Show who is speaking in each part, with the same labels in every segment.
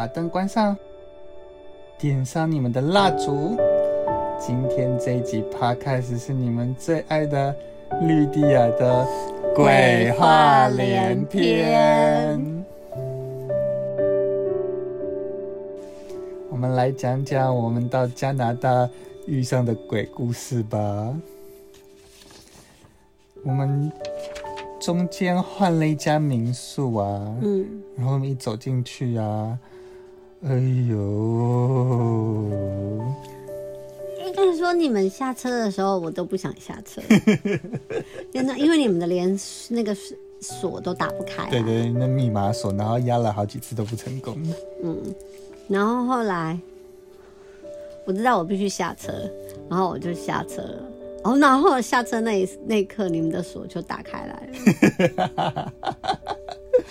Speaker 1: 把燈關上，點上你們的蠟燭。今天這一集趴開始是你們最愛的綠蒂亞的鬼話連篇。 我們來講講我們到加拿大遇上的鬼故事吧。我們中間換了一家民宿啊，嗯，然後我們一走進去啊。哎呦！
Speaker 2: 應該說，你們下車的時候，我都不想下車。真的，因為你們的連那個鎖都打不開。
Speaker 1: 對,對對，那密碼鎖，然後壓了好幾次都不成功。
Speaker 2: 嗯，然後後來我知道我必須下車，然後我就下車了。哦，然後下車那一那一刻，你們的鎖就打開來了。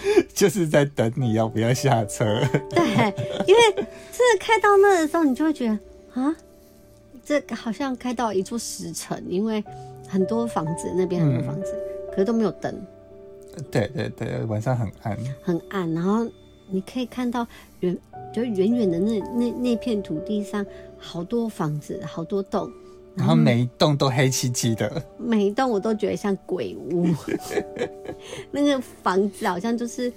Speaker 1: 就是在等你要不要下車。 對，因
Speaker 2: 為真的開到那的時候，你就會覺得啊，這好像開到一座石城，因為很多房子那邊很多房子，嗯，可是都沒有燈。
Speaker 1: 對對對，晚上很暗，
Speaker 2: 很暗。然後你可以看到遠，就遠遠的那那那片土地上，好多房子，好多洞。然後每一
Speaker 1: 棟都黑漆漆的，嗯，
Speaker 2: 每一棟我都覺得像鬼屋， 那個房子好像就是，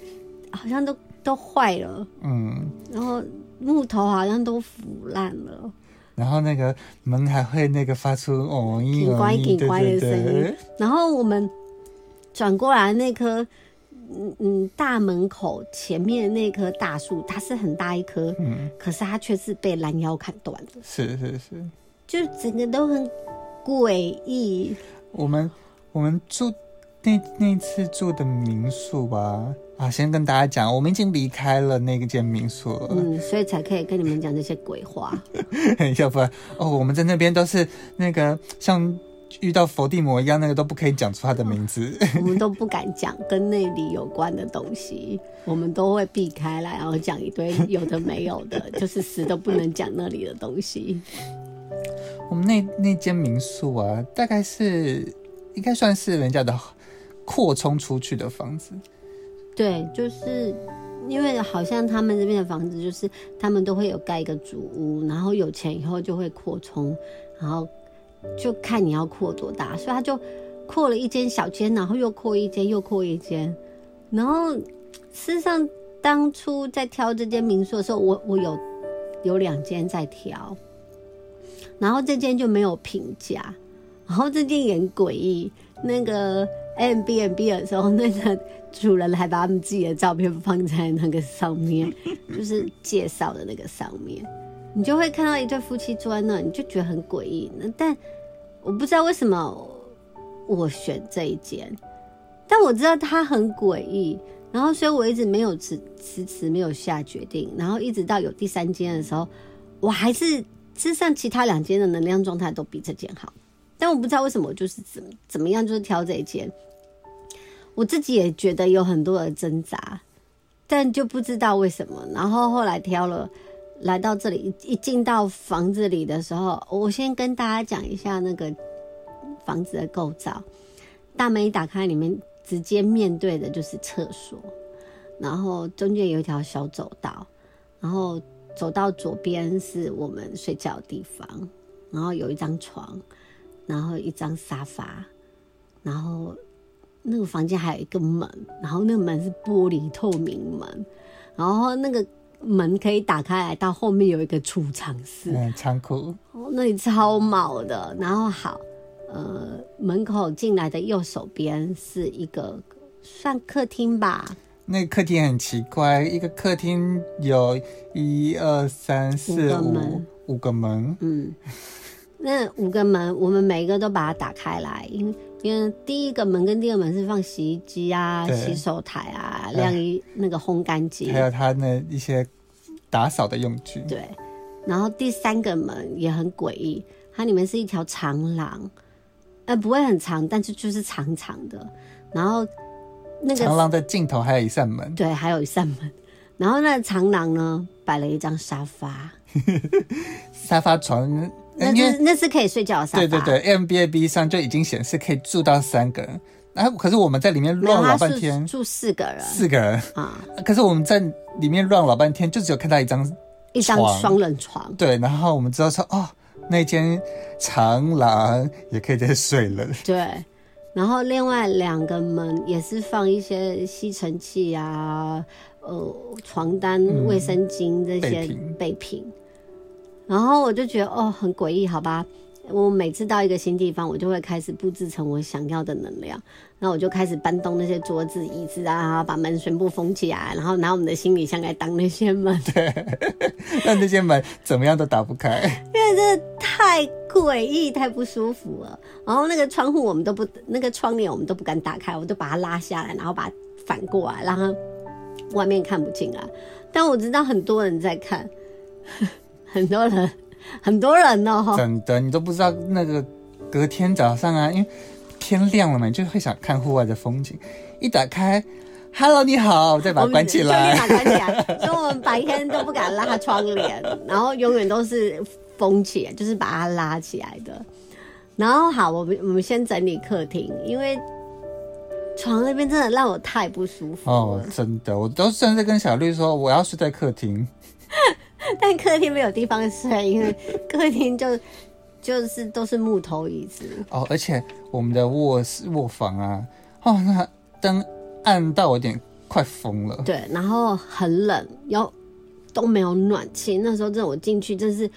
Speaker 2: 好像都都壞了，
Speaker 1: 嗯，
Speaker 2: 然後木頭好像都腐爛了，
Speaker 1: 然後那個門還會那個發出“哦”“挺乖挺乖”的聲音，對對，
Speaker 2: 然後我們轉過來那棵，嗯嗯，大門口前面那棵大樹，它是很大一棵，嗯，可是它卻是被攔腰砍斷了，是是是。就整個都很詭異。我們我們
Speaker 1: 住那那次住的民宿吧，啊，先跟大家講，我們已經離開了那間民宿了，
Speaker 2: 嗯，所以才可以跟你們講這些鬼話。
Speaker 1: 要不然哦，我們在那邊都是那個像遇到伏地魔一樣，那個都不可以講出他的名字，
Speaker 2: 我們都不敢講跟那裡有關的東西，我們都會避開來，然後講一堆有的沒有的， 就是死都不能講那裡的東西。
Speaker 1: 我們那那間民宿啊，大概是應該算是人家的擴充出去的房
Speaker 2: 子。對，就是因為好像他們這邊的房子，就是他們都會有蓋一個主屋，然後有錢以後就會擴充，然後就看你要擴多大，所以他就擴了一間小間，然後又擴一間，又擴一間。然後事實上，當初在挑這間民宿的時候，我我有有兩間在挑。然後這間就沒有評價，然後這間也很詭異。那個 Airbnb 的時候，那個主人還把他們自己的照片放在那個上面，就是介紹的那個上面，你就會看到一對夫妻坐在那，你就覺得很詭異。那但我不知道為什麼我選這一間，但我知道它很詭異，然後所以我一直沒有遲遲遲沒有下決定，然後一直到有第三間的時候，我還是。事實上，其他兩間的能量狀態都比這間好，但我不知道為什麼，就是怎怎麼樣，就是挑這一間。我自己也覺得有很多的掙扎，但就不知道為什麼。然後後來挑了，來到這裡，一進到房子裡的時候，我先跟大家講一下那個房子的構造。大門一打開，裡面直接面對的就是廁所，然後中間有一條小走道，然後。走到左邊是我們睡覺的地方，然後有一張床，然後一張沙發，然後那個房間還有一個門，然後那個門是玻璃透明門，然後那個門可以打開來到後面有一個儲藏室，倉庫。哦，那裡超毛的。然後好，呃，門口進來的右手邊是一個算客廳吧。
Speaker 1: 那個客廳很奇怪，一個客廳有一二三四五個門，五個門。
Speaker 2: 嗯，那五個門，我們每一個都把它打開來，因為因為第一個門跟第二門是放洗衣機啊、洗手台啊、晾、啊、衣那個烘乾機，還有
Speaker 1: 它那一些打掃的用
Speaker 2: 具。對，然後第三個門也很詭異，它裡面是一條長廊，呃，不會很長，但是就是長長的，然後。那個、長廊的
Speaker 1: 盡頭還有一扇門，
Speaker 2: 對，還有一扇門。然後那個長廊呢，擺了一張沙發，
Speaker 1: 沙發床，那那
Speaker 2: 那是可以睡覺的沙發。對對對
Speaker 1: ，MBA B 上就已經顯示可以住到三個人。然，啊、後可是我們在裡面亂了老半天，
Speaker 2: 住四個人，四
Speaker 1: 個人啊。可是我們在裡面亂了老半天，就只有看到一張一
Speaker 2: 張雙人床，
Speaker 1: 對。然後我們知道說，哦，那間長廊也可以在睡了，
Speaker 2: 對。然後另外兩個門也是放一些吸塵器啊，呃，床單、衛生巾這些備品。嗯、然後我就覺得哦，很詭異，好吧。我每次到一個新地方，我就會開始布置成我想要的能量。那我就開始搬動那些桌子、椅子啊，然後把門全部封起來，然後拿我們的行李箱來當那些門，
Speaker 1: 對。那那些門怎麼樣都打不開。
Speaker 2: 因為真的太詭異、太不舒服了。然後那個窗戶我們都不，那個窗簾我們都不敢打開，我就把它拉下來，然後把它反過來，讓它外面看不進來。但我知道很多人在看，很多人。
Speaker 1: 很多人哦，真的，你都不知道那個隔天早上啊，因為天亮了嘛，你就會想看戶外的風景。一打開，Hello，你好，我再把它 關起來，
Speaker 2: 所以我們白天都不敢拉窗簾，然後永遠都是封起，就是把它拉起來的。然後好，我們我們先整理客廳，因為床那邊真的讓我太不舒服，
Speaker 1: 哦。真的，我都甚至跟小綠說我要睡在客廳。
Speaker 2: 但客廳沒有地方睡，因為客廳就就是都是木頭椅子
Speaker 1: 哦，而且我們的臥室臥房啊，
Speaker 2: 哦，那燈
Speaker 1: 暗到有點快瘋了。
Speaker 2: 對，然後很冷，然後都沒有暖氣，那時候真的我進去真是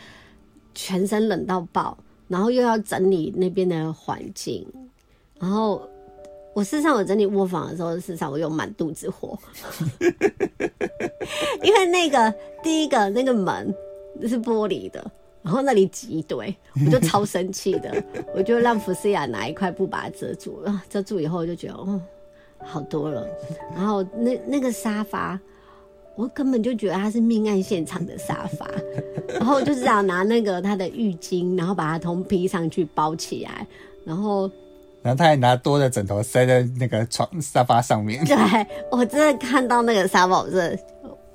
Speaker 2: 全身冷到爆，然後又要整理那邊的環境，然後。我事實上我整理臥房的時候，事實上我有滿肚子火， 因為那個第一個那個門是玻璃的，然後那裡擠一堆，我就超生氣的， 我就讓福斯亞拿一塊布把它遮住，遮住以後就覺得哦好多了，然後那那個沙發我根本就覺得它是命案現場的沙發，然後我就只想拿那個它的浴巾，然後把它從披上去包起來，然後。
Speaker 1: 然後他還拿多的枕頭塞在那個床沙發上面。
Speaker 2: 對，我真的看到那個沙發，我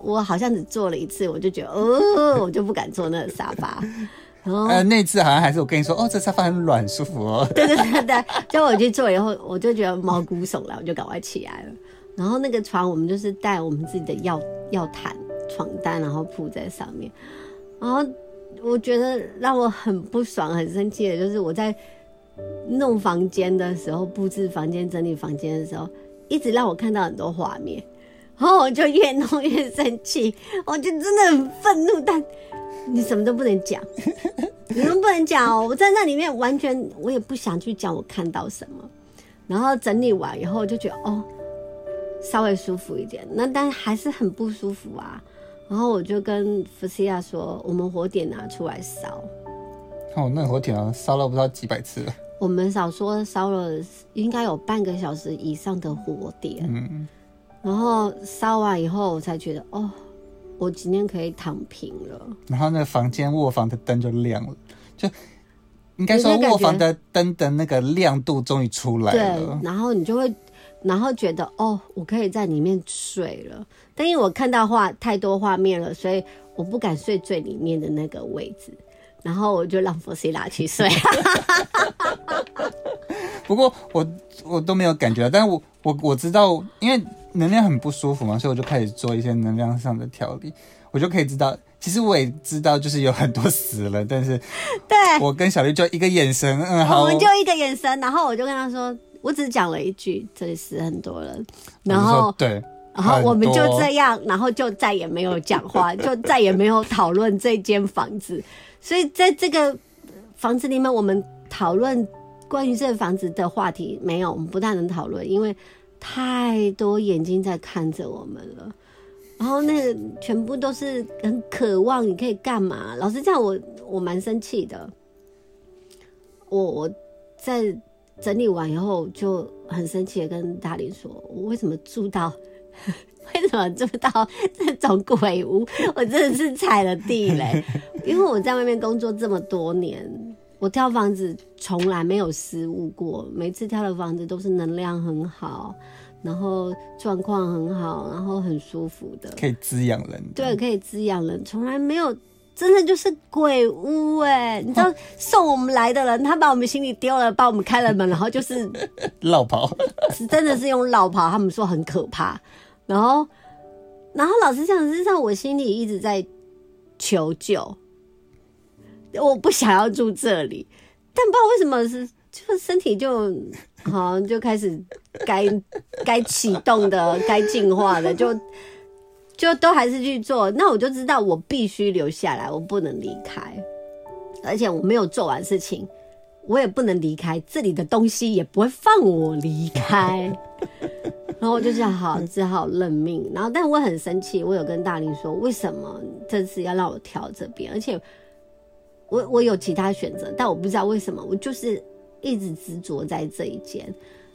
Speaker 2: 我好像只坐了一次，我就覺得哦，我就不敢坐那個沙發。哦、
Speaker 1: 呃，那次好像還是我跟你說，哦，這沙發很軟舒服哦。對
Speaker 2: 對對對，叫我去坐以後，我就覺得毛骨悚然，我就趕快起來了。然後那個床，我們就是帶我們自己的藥藥毯、床單，然後鋪在上面。然後我覺得讓我很不爽、很生氣的就是我在。弄房間的時候，布置房間、整理房間的時候，一直讓我看到很多畫面，然後我就越弄越生氣，我就真的很憤怒。 但你什麼都不能講， 你們不能講哦。我在那裡面完全，我也不想去講我看到什麼。然後整理完以後，就覺得哦，稍微舒服一點。那但還是很不舒服啊。然後我就跟福西亞說：“我們火點拿出來燒。”
Speaker 1: 哦，那個火點啊，燒了不知道幾百次了。
Speaker 2: 我們少說燒了，應該有半個小時以上的火點。嗯嗯。然後燒完以後，我才覺得，哦，我今天可以躺平了。
Speaker 1: 然後那個房間臥房的燈就亮了，就應該說臥房的燈的那個亮度終於出來了。對。
Speaker 2: 然後你就會，然後覺得，哦，我可以在裡面睡了。但因為我看到畫太多畫面了，所以我不敢睡最裡面的那個位置。然後我就讓弗西拉去睡。
Speaker 1: 不過我我都沒有感覺，但是我我我知道，因為能量很不舒服嘛，所以我就開始做一些能量上的調理。我就可以知道，其實我也知道，就是有很多死了，但是對我跟小綠就一個眼神，嗯好，我們就一
Speaker 2: 個眼神，然後我就跟他說，我只講了一句這裡死很多人，然後
Speaker 1: 對，然後我們就這樣，
Speaker 2: 然後就再也沒有講話， 就再也沒有討論這間房子。所以在這個房子裡面，我們討論關於這個房子的話題，沒有，我們不大能討論，因為太多眼睛在看着我們了。然後那個全部都是很渴望，你可以幹嘛？老實講，我我蠻生氣的。我我在整理完以後，就很生氣的跟大林說，我為什麼住到？為什麼住到這種鬼屋？我真的是踩了地雷，因為我在外面工作這麼多年，我挑房子從來沒有失誤過，每次挑的房子都是能量很好，然後狀況很好，然後很舒服的，可
Speaker 1: 以滋養人。
Speaker 2: 對，可以滋養人，從來沒有，真的就是鬼屋哎、欸！你知道送我們來的人，他把我們行李丟了，幫我們開了門，然後就是，
Speaker 1: 落跑，
Speaker 2: 是真的是用落跑。他們說很可怕。然後，然後老實講，事實上我心裡一直在求救，我不想要住這裡，但不知道為什麼是，就身體就好像就開始該該啟動的、該進化的，就就都還是去做。那我就知道，我必須留下來，我不能離開，而且我沒有做完事情，我也不能離開。這裡的東西也不會放我離開。然後我就想好，只好認命，嗯、然後但我很生氣，我有跟大林說，為什麼這次要讓我調這邊？而且我我有其他選擇，但我不知道為什麼，我就是一直執着在這一間。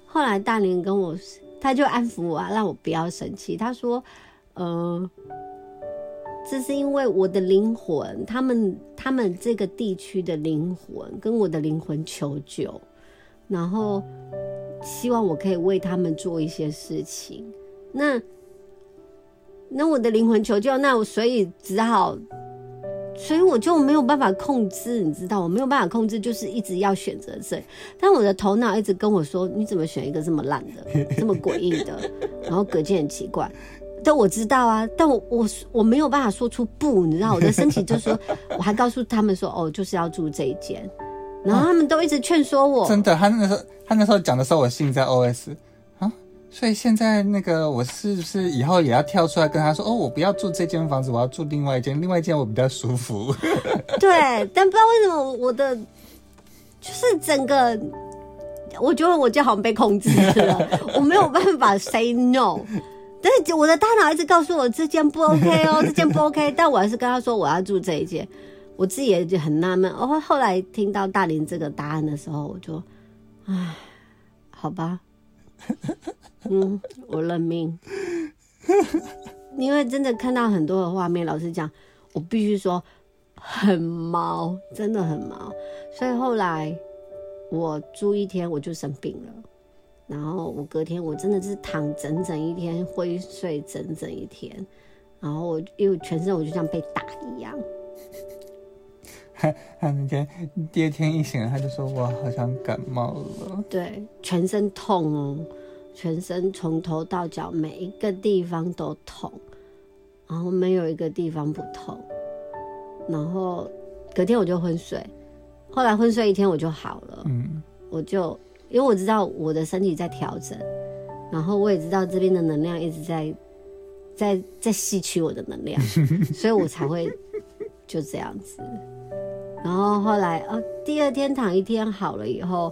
Speaker 2: 後來大林跟我，他就安撫我，啊，讓我不要生氣。他說，呃，這是因為我的靈魂，他們他們這個地區的靈魂跟我的靈魂求救，然後，希望我可以為他們做一些事情，那那我的靈魂求救，那我所以只好，所以我就沒有辦法控制，你知道，我沒有辦法控制，就是一直要選擇這，但我的頭腦一直跟我說，你怎麼選一個這麼爛的，這麼詭異的，然後隔間很奇怪，但我知道啊，但我我我沒有辦法說出不，你知道，我的身體就是說， 我還告訴他們說，哦，就是要住這一間。然後他們都一直勸說我，啊、真的，
Speaker 1: 他那時候他那時候講的時候，我心在 OS、啊、
Speaker 2: 所以現在那個我
Speaker 1: 是不是以後也要跳出來跟他說，哦，我不要住這間房子，我要住另外一間，另外一間我比較舒服。
Speaker 2: 對，但不知道為什麼我的就是整個我覺得我就好像被控制了， 我沒有辦法 say no，但是我的大腦一直告訴我這間不 OK 哦，這間不 OK， 但我還是跟他說我要住這一間。我自己也就很納悶，哦，後來聽到大林這個答案的時候，我就，唉，好吧，嗯，我認命，因為真的看到很多的畫面，老師講，我必須說很毛，真的很毛，所以後來我住一天我就生病了，然後我隔天我真的是躺整整一天，昏睡整整一天，然後我因為全身我就像被打一樣。
Speaker 1: 他那天第二天一醒來，他就說：“我好像感冒了。”
Speaker 2: 對，全身痛，哦，全身從頭到腳每一個地方都痛，然後沒有一個地方不痛。然後隔天我就昏睡，後來昏睡一天我就好了。嗯，我就因為我知道我的身體在調整，然後我也知道這邊的能量一直在在在，在吸取我的能量， 所以我才會就這樣子。然後後來呃、哦，第二天躺一天好了以後，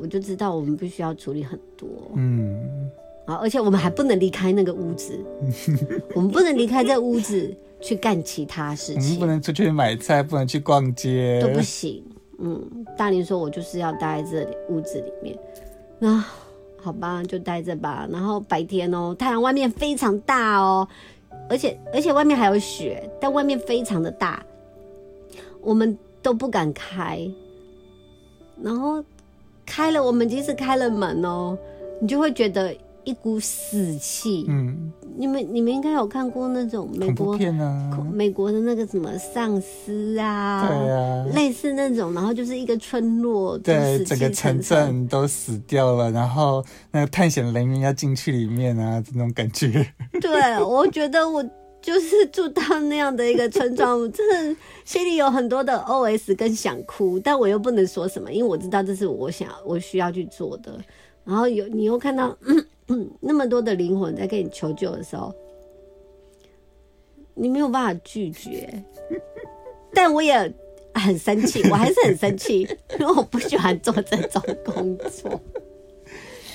Speaker 2: 我就知道我們必須要處理很多，嗯，啊、而且我們還不能離開那個屋子， 我們不能離開這屋子去幹其他事情，我、嗯、們不能
Speaker 1: 出去買菜，不能去逛街，都不
Speaker 2: 行。嗯，大林說，我就是要待在這裡屋子裡面，那、啊、好吧，就待着吧。然後白天哦，太陽外面非常大哦，而且而且外面還有雪，但外面非常的大，我們。都不敢開，然後開了，我們即使開了門哦、喔，你就會覺得一股死氣。嗯，你們你們應該有看過那種美國片啊，美國的那個什麼喪屍啊，對啊，類似那種，然後就是一個村落，對，整個城鎮
Speaker 1: 都死掉了，然後那個探險人員要進去裡面啊，這種感
Speaker 2: 覺。 對，我覺得我。就是住到那樣的一個村莊，我真的心裡有很多的 OS 跟想哭，但我又不能說什麼，因為我知道這是我想我需要去做的。然後有你又看到、嗯嗯、那麼多的靈魂在跟你求救的時候，你沒有辦法拒絕。但我也很生氣，我還是很生氣，因為我不喜歡做這種工作。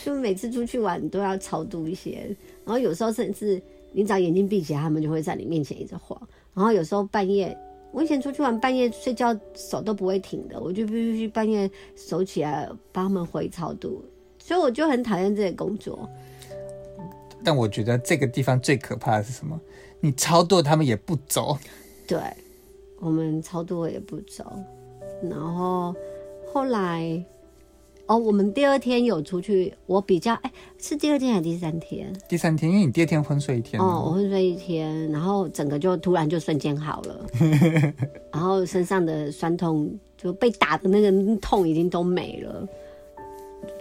Speaker 2: 就每次出去玩你都要超度一些，然後有時候甚至。你只要眼睛閉起來，他們就會在你面前一直晃。然後有時候半夜，我以前出去玩，半夜睡覺手都不會停的，我就必須去半夜手起來幫他們回超度。所以我就很討厭這個工作。
Speaker 1: 但我覺得這個地方最可怕的是什麼？你超度他們也不走。
Speaker 2: 對，我們超度也不走。然後後來。哦，我們第二天有出去，我比較哎、欸，是第二天還是第三天？
Speaker 1: 第三天，因為你第二天昏睡一天、啊、哦，我昏
Speaker 2: 睡一天，然後整個就突然就瞬間好了， 然後身上的酸痛就被打的那個痛已經都沒了，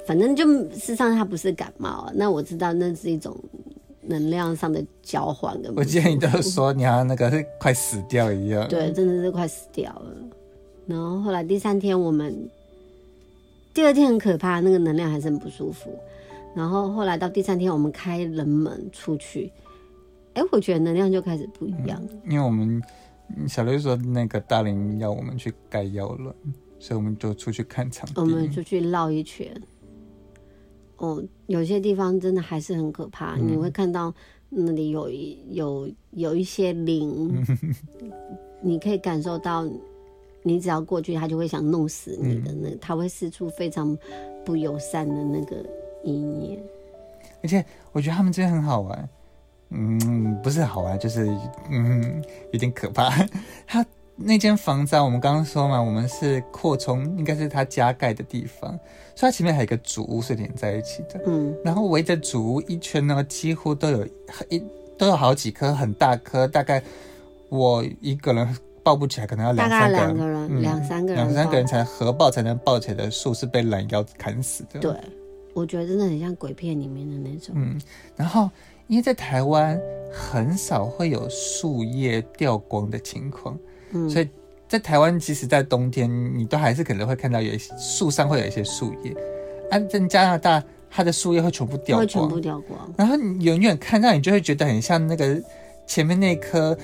Speaker 2: 反正就事實上它不是感冒、啊，那我知道那是一種能量上的交換的。我記得你都說
Speaker 1: 你好像那個是快死掉一樣， 對，
Speaker 2: 真的是快死掉了。然後後來第三天我們。第二天很可怕，那個能量還是很不舒服。然後後來到第三天，我們開人門出去，哎，我覺得能量就開始不一樣、
Speaker 1: 嗯。因為我們小綠說那個大林要我們去蓋妖了，所以我們就出去看場地，我們出
Speaker 2: 去繞一圈。哦，有些地方真的還是很可怕，嗯、你會看到那裡有有有一些靈、嗯，你可以感受到。你只要過去，他就會想弄死你，那，的，個，嗯，那，他會四處非常不友善
Speaker 1: 的那個陰影，而且我覺得他們真的很好玩，嗯，不是好玩，就是嗯，有點可怕。 他那間房子，我們剛剛說嘛，我們是擴充，應該是他加蓋的地方，所以它前面還有一個主屋是連在一起的。嗯，然後圍着主屋一圈呢，幾乎都有一都有好幾棵很大棵，大概我一個人。抱不起來，可能要兩三個，大概兩個人，嗯、兩三個人，兩三個人才合抱才能抱起來的樹是被攔腰砍死的。對，我覺得
Speaker 2: 真的很像鬼片裡面的那種。嗯，然後因為在
Speaker 1: 台灣很少會有樹葉掉光的情況，嗯，所以在台灣即使在冬天，你都還是可能會看到有樹上會有一些樹葉。啊，在加拿大，它的樹葉會全部掉光，全部掉光。然後你遠遠看到，你就會覺得很像那個前面那棵，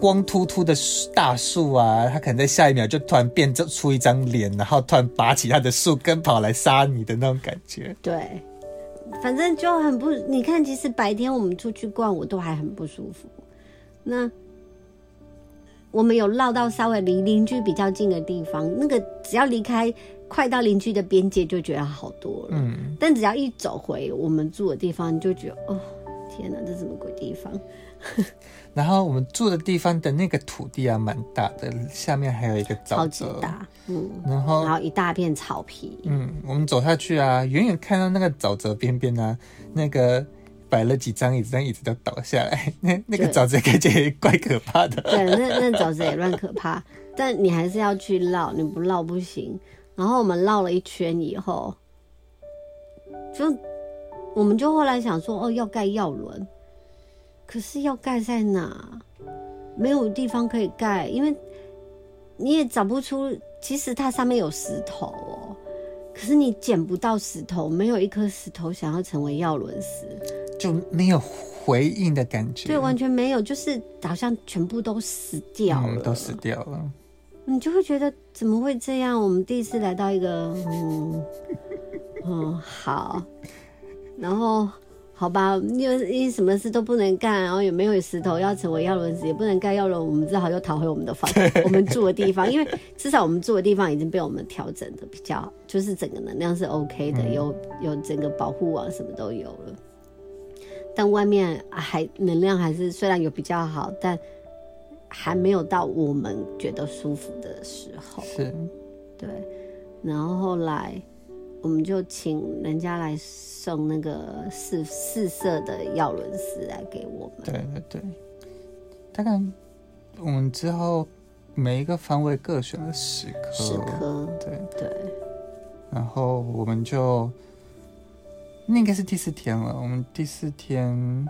Speaker 1: 光禿禿的大樹啊，它可能在下一秒就突然變出出一張臉，然後突然拔起它的樹根跑來殺你的那種感覺。
Speaker 2: 對，反正就很不。你看，其實白天我們出去逛，我都還很不舒服。那我們有繞到稍微離鄰居比較近的地方，那個只要離開快到鄰居的邊界，就覺得好多了。嗯。但只要一走回我們住的地方，你就覺得哦，天哪，這是什麼鬼地方？
Speaker 1: 然後我們住的地方的那個土地啊，蠻大的，下面還有一個沼澤，超級大，
Speaker 2: 嗯，然後，然後一大片草皮，嗯，
Speaker 1: 我們走下去啊，遠遠看到那個沼澤邊邊啊，那個擺了幾張椅子，但椅子都倒下來，那那個沼澤感覺怪可怕的，
Speaker 2: 對，那那沼澤也亂可怕， 但你還是要去繞，你不繞不行。然後我們繞了一圈以後，就我們就後來想說，哦，要蓋藥輪。可是要蓋在哪？沒有地方可以蓋，因為你也找不出。其實它上面有石頭哦，可是你撿不到石頭，沒有一顆石頭想要成為藥輪石，就沒有
Speaker 1: 回應的感覺。對，完
Speaker 2: 全沒有，就是好像全部都死掉了，嗯、
Speaker 1: 都死掉了。
Speaker 2: 你就會覺得怎麼會這樣？我們第一次來到一個，嗯嗯，好，然後。好吧，因為因為什麼事都不能幹，然、哦、後也沒有石頭要成為藥輪子，也不能蓋藥輪，我們只好又逃回我們的房， 我們住的地方，因為至少我們住的地方已經被我們調整得比較，就是整個能量是 OK 的，嗯、有有整個保護網什麼都有了，但外面還能量還是雖然有比較好，但還沒有到我們覺得舒服的時候。是，對，然後後來。我們就請人家來送那個四四色的藥輪石來給我們。
Speaker 1: 對對對，大概我們之後每一個方位各選了十顆，十顆。對對。然後我們就，那應該是第四天了。我們第四天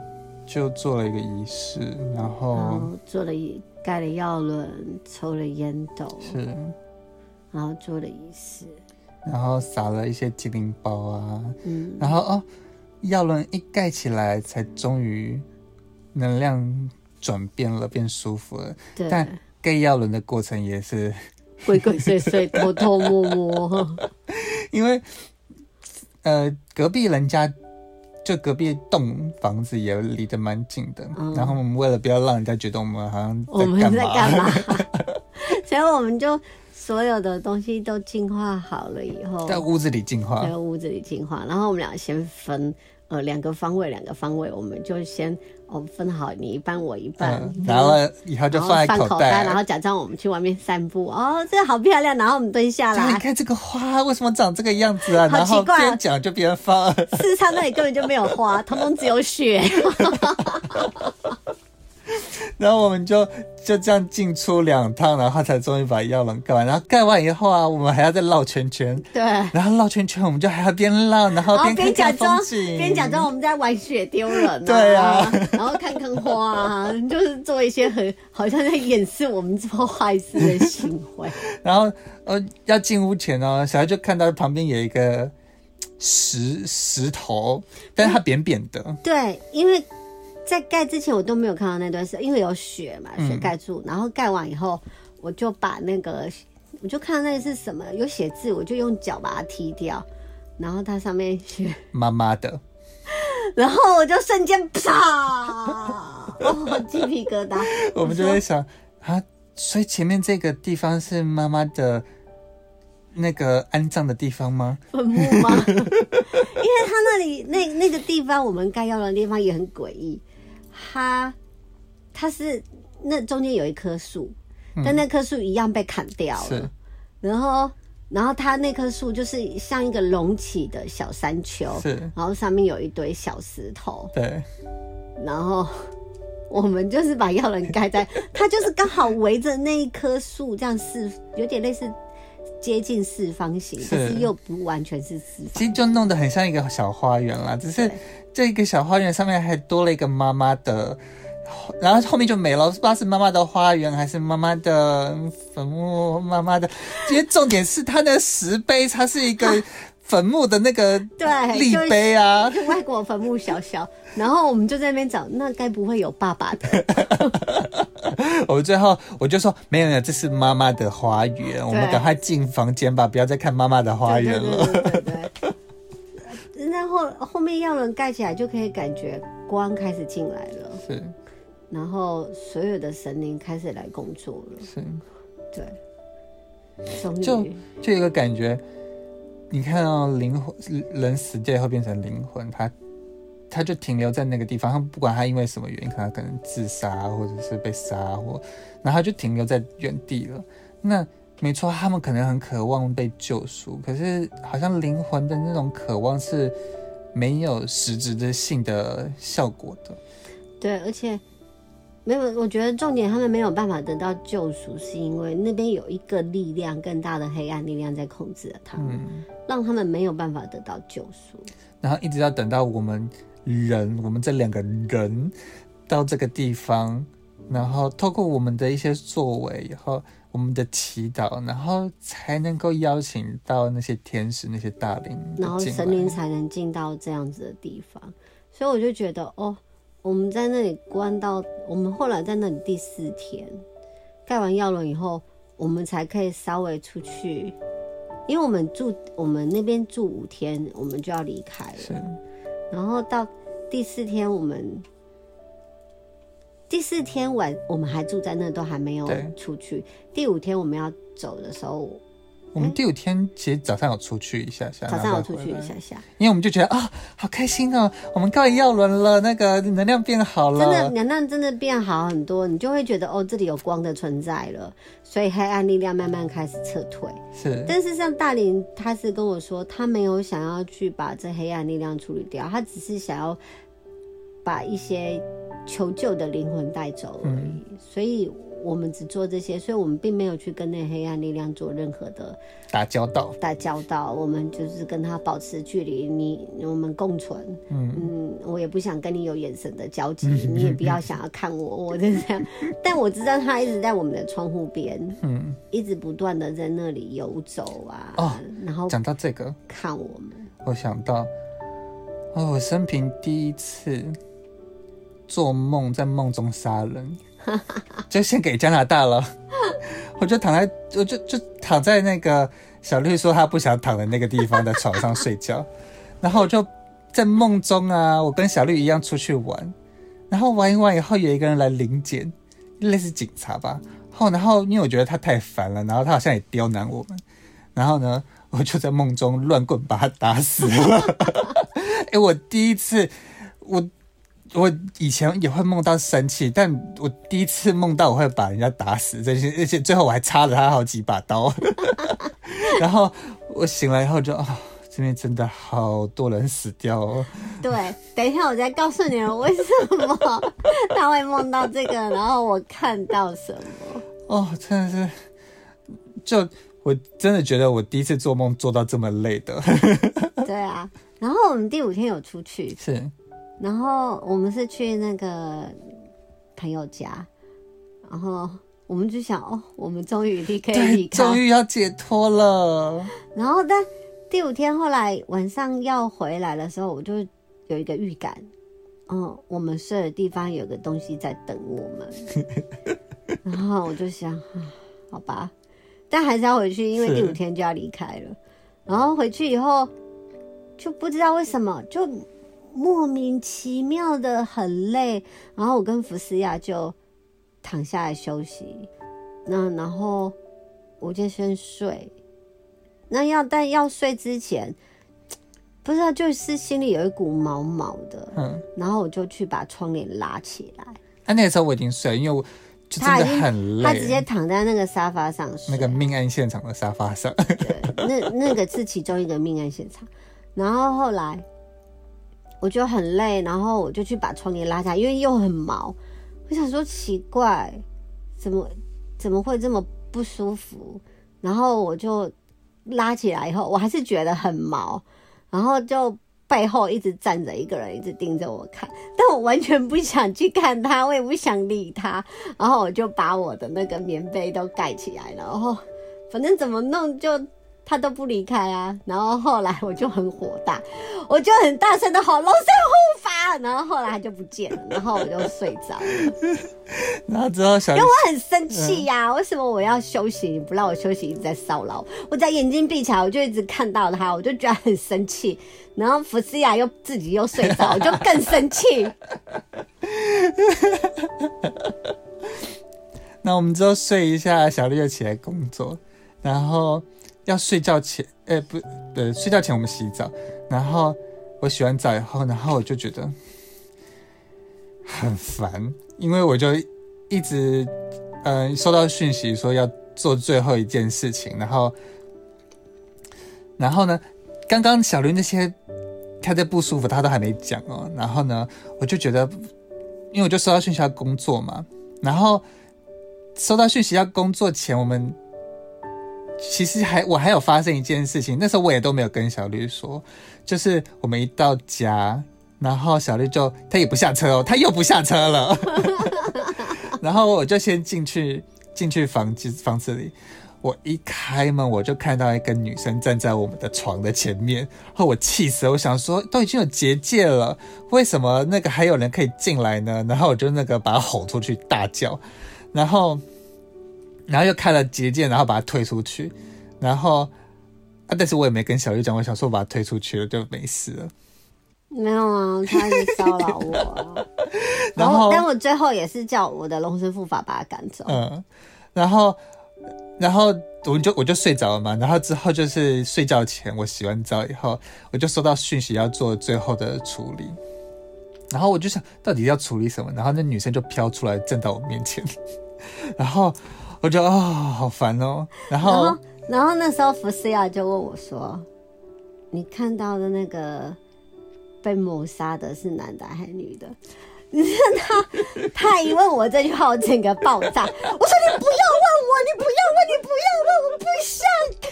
Speaker 1: 就做了一個儀式，然後，然後
Speaker 2: 做了一蓋了藥輪，抽了煙斗，是，然後做了儀式。
Speaker 1: 然後撒了一些精靈包啊，嗯，然後哦，藥輪一蓋起來，才終於能量轉變了，變舒服了。但蓋藥輪的過程也是
Speaker 2: 鬼鬼祟祟，祟、偷 偷摸摸，因為
Speaker 1: 呃，隔壁人家就隔壁棟房子也離得蠻近的，嗯，然後我們為了不要讓人家覺得我們好像我們在幹嘛，
Speaker 2: 所 以我們就。所有的東西都淨化好了以後，在屋子裡淨化，在屋子裡淨化。然後我們倆先分，呃，兩個方位，兩個方位，我們就先哦分好，你一半，我一半，嗯。然後以後就放口袋，然後放口袋、啊、然後假裝我們去外面散步、啊。哦，這個好漂亮。然後我們蹲下來，你看這個花為什麼長這個樣子啊？然後好奇怪、啊。
Speaker 1: 邊講就邊放。
Speaker 2: 事實上那裡根本就沒有花，統 統只有雪。
Speaker 1: 然後我們就就這樣進出兩趟，然後才終於把藥能蓋完。然後蓋完以後啊，我們還要再繞圈圈。對。然後繞圈圈，我們就還要邊浪，然後邊，看看、哦、邊假裝，邊假裝
Speaker 2: 我們在玩雪丟人、啊。對啊。然後看看花， 就是做一些很好像在掩飾我們做壞事
Speaker 1: 的行為。 然後呃，要進屋前呢、哦，小孩就看到旁邊有一個石石頭，但是它扁扁的。嗯、
Speaker 2: 對，因為。在蓋之前，我都沒有看到那段事，因為有雪嘛，雪蓋住，嗯。然後蓋完以後，我就把那個，我就看到那個是什麼有寫字，我就用腳把它踢掉。然後它上面寫媽媽的，然後我就瞬間啪，雞 皮疙瘩。我們就在
Speaker 1: 想 啊，所以前面這個地方是媽媽的那個安葬的地方嗎？墳墓嗎？ 因為
Speaker 2: 它那裡那那個地方，我們蓋要的地方也很詭異。他，他是那中間有一棵樹，嗯，但那棵樹一樣被砍掉了。是，然後，然後他那棵樹就是像一個隆起的小山丘，是，然後上面有一堆小石頭，對。然後我們就是把藥人蓋在，他 就是剛好圍着那一棵樹這樣是有點類似。接近四方形，可是
Speaker 1: 又不完全是四方形，其實就弄得很像一個小花園啦，只是這個小花園上面還多了一個媽媽的，然後後面就沒了，不知道是媽媽的花園還是媽媽的墳墓，媽媽的。其實重點是它的石碑，它是一個，啊墳墓的那個立碑啊，
Speaker 2: 外國墳墓小小， 然後我們就在那邊找，那該不會有爸爸的。
Speaker 1: 我最後我就說沒有沒有，這是媽媽的花園，我們趕快進房間吧，不要再看媽媽的花園了。對
Speaker 2: 對對對對。 然後後，後面要人蓋起來，就可以感覺光開始進來了。是，
Speaker 1: 然
Speaker 2: 後所有的神靈開始來工作了。是，對
Speaker 1: ，so, 就就有個感覺。你看到靈魂，人死掉以後變成靈魂，他他就停留在那個地方。他不管他因為什麼原因，可能可能自殺，或者是被殺或，或然後就停留在原地了。那沒錯，他們可能很渴望被救贖，可是好像靈魂的那種渴望是沒有實質性的效果的。
Speaker 2: 對，而且。沒有，我覺得重點他們沒有辦法得到救贖，是因為那邊有一個力量更大的黑暗力量在控制着他們，嗯，讓他們沒有辦法得到救贖。
Speaker 1: 然後一直要等到我們人，我們這兩個人到這個地方，然後透過我們的一些作為以後，我們的祈禱，然後才能夠邀請到那些天使、那些大靈，然後神靈
Speaker 2: 才能進到這樣子的地方。所以我就覺得哦。我們在那裡關到，我們後來在那裡第四天蓋完藥了以後，我們才可以稍微出去，因為我們住我們那邊住五天，我們就要離開了。是，然後到第四天，我們第四天晚我們還住在那，都還沒有出去。第五天我們要走的時候。
Speaker 1: 我們第五天其實早上有出去一下下，嗯，早上有出去一下下，因為我們就覺得啊、哦，好開心哦，我們快要輪了，那個能量變好了，真的
Speaker 2: 能量真的變好很多，你就會覺得哦，這裡有光的存在了，所以黑暗力量慢慢開始撤退。
Speaker 1: 是，但
Speaker 2: 是像大林，他是跟我說，他沒有想要去把這黑暗力量處理掉，他只是想要把一些求救的靈魂帶走而已，嗯、所以。我們只做這些，所以我們並沒有去跟那黑暗力量做任何的
Speaker 1: 打交道。
Speaker 2: 打交道，我們就是跟他保持距離。你我們共存。嗯，嗯，我也不想跟你有眼神的交集，嗯、你也不要想要看我， 我就是這樣。但我知道他一直在我們的窗戶邊，嗯，一直不斷的在那裡游走啊。哦、然後講到這個，看我們，
Speaker 1: 我想到，哦，我生平第一次做夢在夢中殺人。就先給加拿大了，我就躺在，我就就躺在那個小綠說他不想躺的那個地方的床上睡覺，然後我就在夢中啊，我跟小綠一樣出去玩，然後玩一玩以後有一個人來臨檢，類似警察吧，後、哦、然後因為我覺得他太煩了，然後他好像也刁難我們，然後呢，我就在夢中亂棍把他打死了，哎、 欸，我第一次我。我以前也會夢到生氣，但我第一次夢到我會把人家打死這些，而且最後我還插了他好幾把刀。 然後我醒來以後就啊、哦，這邊真的好多人死掉哦。
Speaker 2: 對，等一下我再告訴你們為什麼他會夢到這個，然後我看到什
Speaker 1: 麼。哦，真的是，就我真的覺得我第一次做夢做到這麼累的。
Speaker 2: 對啊，然後我們第五天有出去是。然後我們是去那個朋友家，然後我們就想哦，我們終於可以離開，對，終於要解脫了。然後但第五天後來晚上要回來的時候，我就有一個預感，嗯、哦，我們睡的地方有個東西在等我們。 然後我就想，好吧，但還是要回去，因為第五天就要離開了。然後回去以後就不知道為什麼就。莫名其妙的很累，然後我跟福斯亞就躺下來休息。那然後我就先睡。那要但要睡之前，不知道就是心裡有一股毛毛的。嗯。然後我就去把窗簾拉起來。
Speaker 1: 啊、那那個時候我已經睡了，因為我真的很累他，他直接
Speaker 2: 躺在那個沙發上睡，
Speaker 1: 那個命案現場的沙發上。
Speaker 2: 對，那那個是其中一個命案現場。 然後後來。我就很累，然後我就去把窗簾拉下來，因為又很毛。我想說，奇怪，怎麼怎麼會這麼不舒服？然後我就拉起來以後，我還是覺得很毛。然後就背後一直站着一個人，一直盯着我看，但我完全不想去看他，我也不想理他。然後我就把我的那個棉被都蓋起來，然後反正怎麼弄就。他都不離開啊，然後後來我就很火大，我就很大聲的吼龍神護法，然後後來他就不見了， 然後我就睡着了。
Speaker 1: 然後之後小，因為我很
Speaker 2: 生氣呀、啊嗯，為什麼我要休息，你不讓我休息，一直在騷擾，我在眼睛閉起來，我就一直看到他，我就覺得很生氣。然後福斯亞又自己又睡着， 我就更生氣。
Speaker 1: 那我們之後睡一下，小綠又起來工作，然後。要睡覺前，哎、欸，不對，睡覺前我們洗澡，然後我洗完澡以後，然後我就覺得很煩，因為我就一直嗯、呃、收到訊息說要做最後一件事情，然後然後呢，剛剛小綠那些他在不舒服，他都還沒講哦，然後呢，我就覺得，因為我就收到訊息要工作嘛，然後收到訊息要工作前我們。其實還我還有發生一件事情，那時候我也都沒有跟小綠說，就是我們一到家，然後小綠就他也不下車哦，他又不下車了， 然後我就先進去，進去房間房子裡，我一開門我就看到一個女生站在我們的床的前面，然後我氣死了，我想說都已經有結界了，為什麼那個還有人可以進來呢？然後我就那個把他吼出去，大叫，然後。然後又開了結界，然後把他推出去，然後啊，但是我也沒跟小玉講，我想說我把他推出去了就沒事了，沒有啊，他是騷擾我
Speaker 2: 然，然後但我最後也是叫我的龍神護法把他趕
Speaker 1: 走，嗯，然後然後我就我就睡着了嘛，然後之後就是睡覺前我洗完澡以後，我就收到訊息要做最後的處理，然後我就想到底要處理什麼，然後那女生就飄出來站到我面前，然後。我覺得啊，哦，好煩哦，然。然後，
Speaker 2: 然後那時候福斯亞就問我說：“你看到的那個被謀殺的是男的還是女的？”你讓他，他一問我這句話，我整個爆炸。我說你不要問我，你不要問，你不要問，我不想看，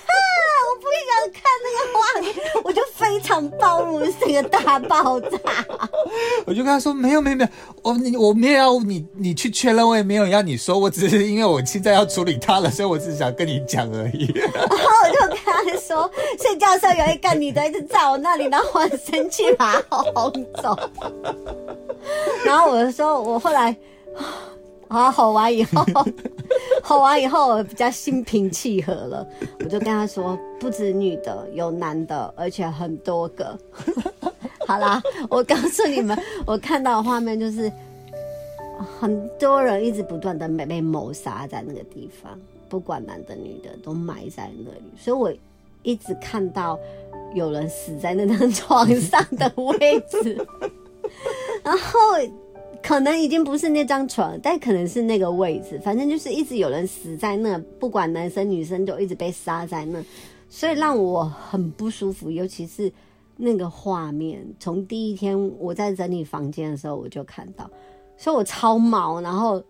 Speaker 2: 我不想看那個畫面，我就非常暴露，是個大爆炸。
Speaker 1: 我就跟他說沒有沒有沒有，我你我沒有要你你去確認，我也沒有要你說，我只是因為我現在要處理他了，所以我只想跟你講而已。然後我就
Speaker 2: 看。說睡覺的時候有一個女的一直在我那裡，然後我很生氣把她吼走 然後我就說我後來好、啊、吼完以後，吼完以後我比較心平氣和了，我就跟他說不止女的有男的，而且很多個。 好啦，我告訴你們，我看到的畫面就是很多人一直不斷的被被謀殺在那個地方，不管男的女的都埋在那裡，所以我。一直看到有人死在那張床上的位置， 然後可能已經不是那張床，但可能是那個位置。反正就是一直有人死在那，不管男生女生，就一直被殺在那，所以讓我很不舒服。尤其是那個畫面，從第一天我在整理房間的時候我就看到，所以我超毛，然後。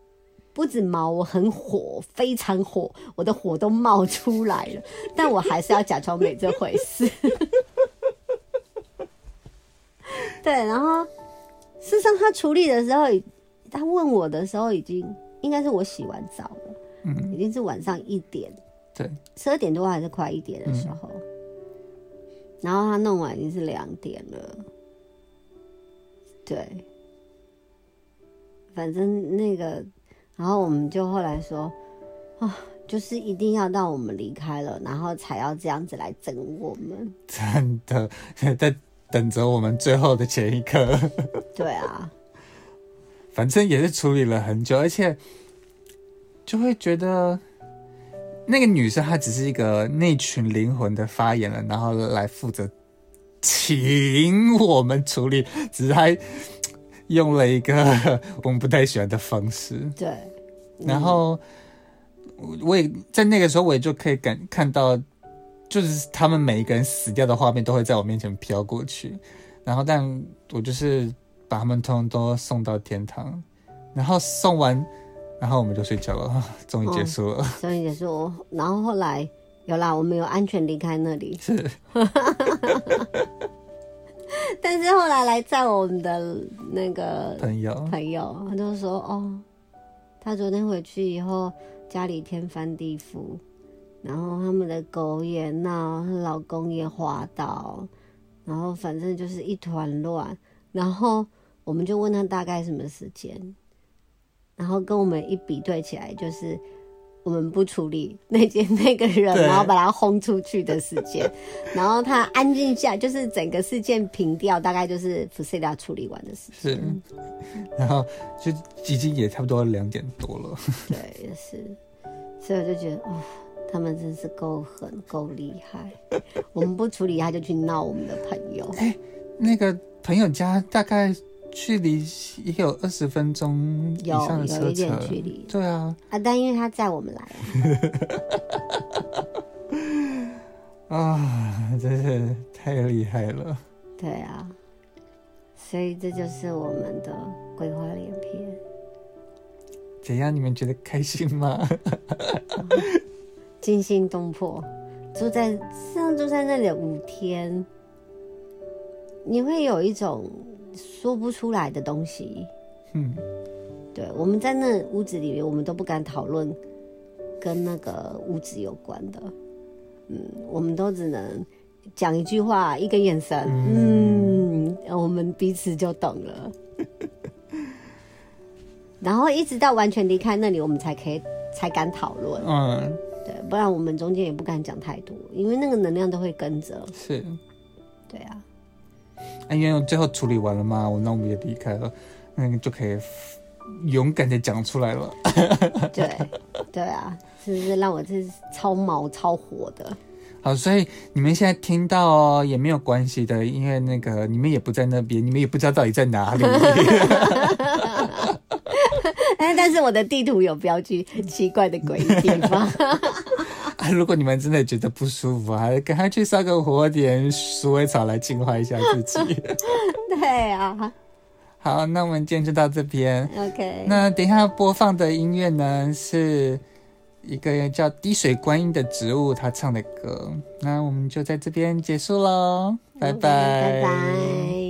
Speaker 2: 不止毛，我很火，非常火，我的火都冒出來了， 但我還是要假裝沒這回事。 對，然後事實上他處理的時候，他問我的時候，已經應該是我洗完澡了，嗯，已經是晚上一點，對，十二點多還是快一點的時候，嗯，然後他弄完已經是兩點了，對，反正那個。然後我們就後來說，啊、哦，就是一定要到我們離開了，然後才要這樣子來整我們，
Speaker 1: 真的在，在等着我們最後的前一刻。 對啊，反正也是處理了很久，而且就會覺得那個女生她只是一個那群靈魂的發言人，然後來負責請我們處理，只是還。用了一個我們不太喜歡的方式，
Speaker 2: 對。然後、
Speaker 1: 嗯、我也在那個時候，我也就可以感看到，就是他們每一個人死掉的畫面都會在我面前飄過去。然後，但我就是把他們通通都送到天堂。然後送完，然後我們就睡覺了，終於結束了。終於結束。
Speaker 2: 然後後來有啦，我們有安全離開那裡。是。 但是後來來贊我們的那個朋友朋友，他就說哦，他昨天回去以後家裡天翻地覆，然後他們的狗也鬧，老公也滑倒，然後反正就是一團亂。然後我們就問他大概什麼時間，然後跟我們一比對起來，就是。我們不處理那件，那個人，然後把他轟出去的時間， 然後他安靜下來，就是整個事件平掉，大概就是夫妻倆處理完的時
Speaker 1: 間。是，然後就已經也差不多兩點多了。 對，
Speaker 2: 也是，所以我就覺得他們真是夠狠夠厲害。 我們不處理，他就去鬧我們的朋友。
Speaker 1: 哎、欸，那個朋友家大概。距離也有二十分鐘有，有一點距離
Speaker 2: 對啊，啊，但因為他載我們來，
Speaker 1: 啊、 哦，真是太厲害了。
Speaker 2: 對啊，所以這就是我們的鬼話連篇。
Speaker 1: 怎樣？你們覺得開心嗎？
Speaker 2: 驚心動魄，住在像住在那裡五天，你會有一種。說不出來的東西，嗯，對，我們在那屋子裡面，我們都不敢討論跟那個屋子有關的，嗯，我們都只能講一句話，一個眼神，嗯，嗯，我們彼此就懂了。 然後一直到完全離開那裡，我們才可以才敢討論，嗯，對，不然我們中間也不敢講太多，因為那個能量都會跟着，是，對啊。
Speaker 1: 啊、因為我最後處理完了嘛，我那我們也離開了，那、嗯、個就可以勇敢的講出來了。
Speaker 2: 對，對啊，是不是讓我這是超毛超火的？
Speaker 1: 好，所以你們現在聽到、喔、也沒有關係的，因為那個你們也不在那邊，你們也不知道到底在哪裡。
Speaker 2: 但是我的地圖有標記奇怪的鬼地方。
Speaker 1: 如果你們真的覺得不舒服，還是趕快去燒個火點鼠尾草來淨化一下自己。
Speaker 2: 對啊，
Speaker 1: 好，那我們今天就到這邊。
Speaker 2: OK，那
Speaker 1: 等一下播放的音樂呢，是一個叫滴水觀音的植物，它唱的歌。那我們就在這邊結束嘍，拜拜拜拜。Okay, bye
Speaker 2: bye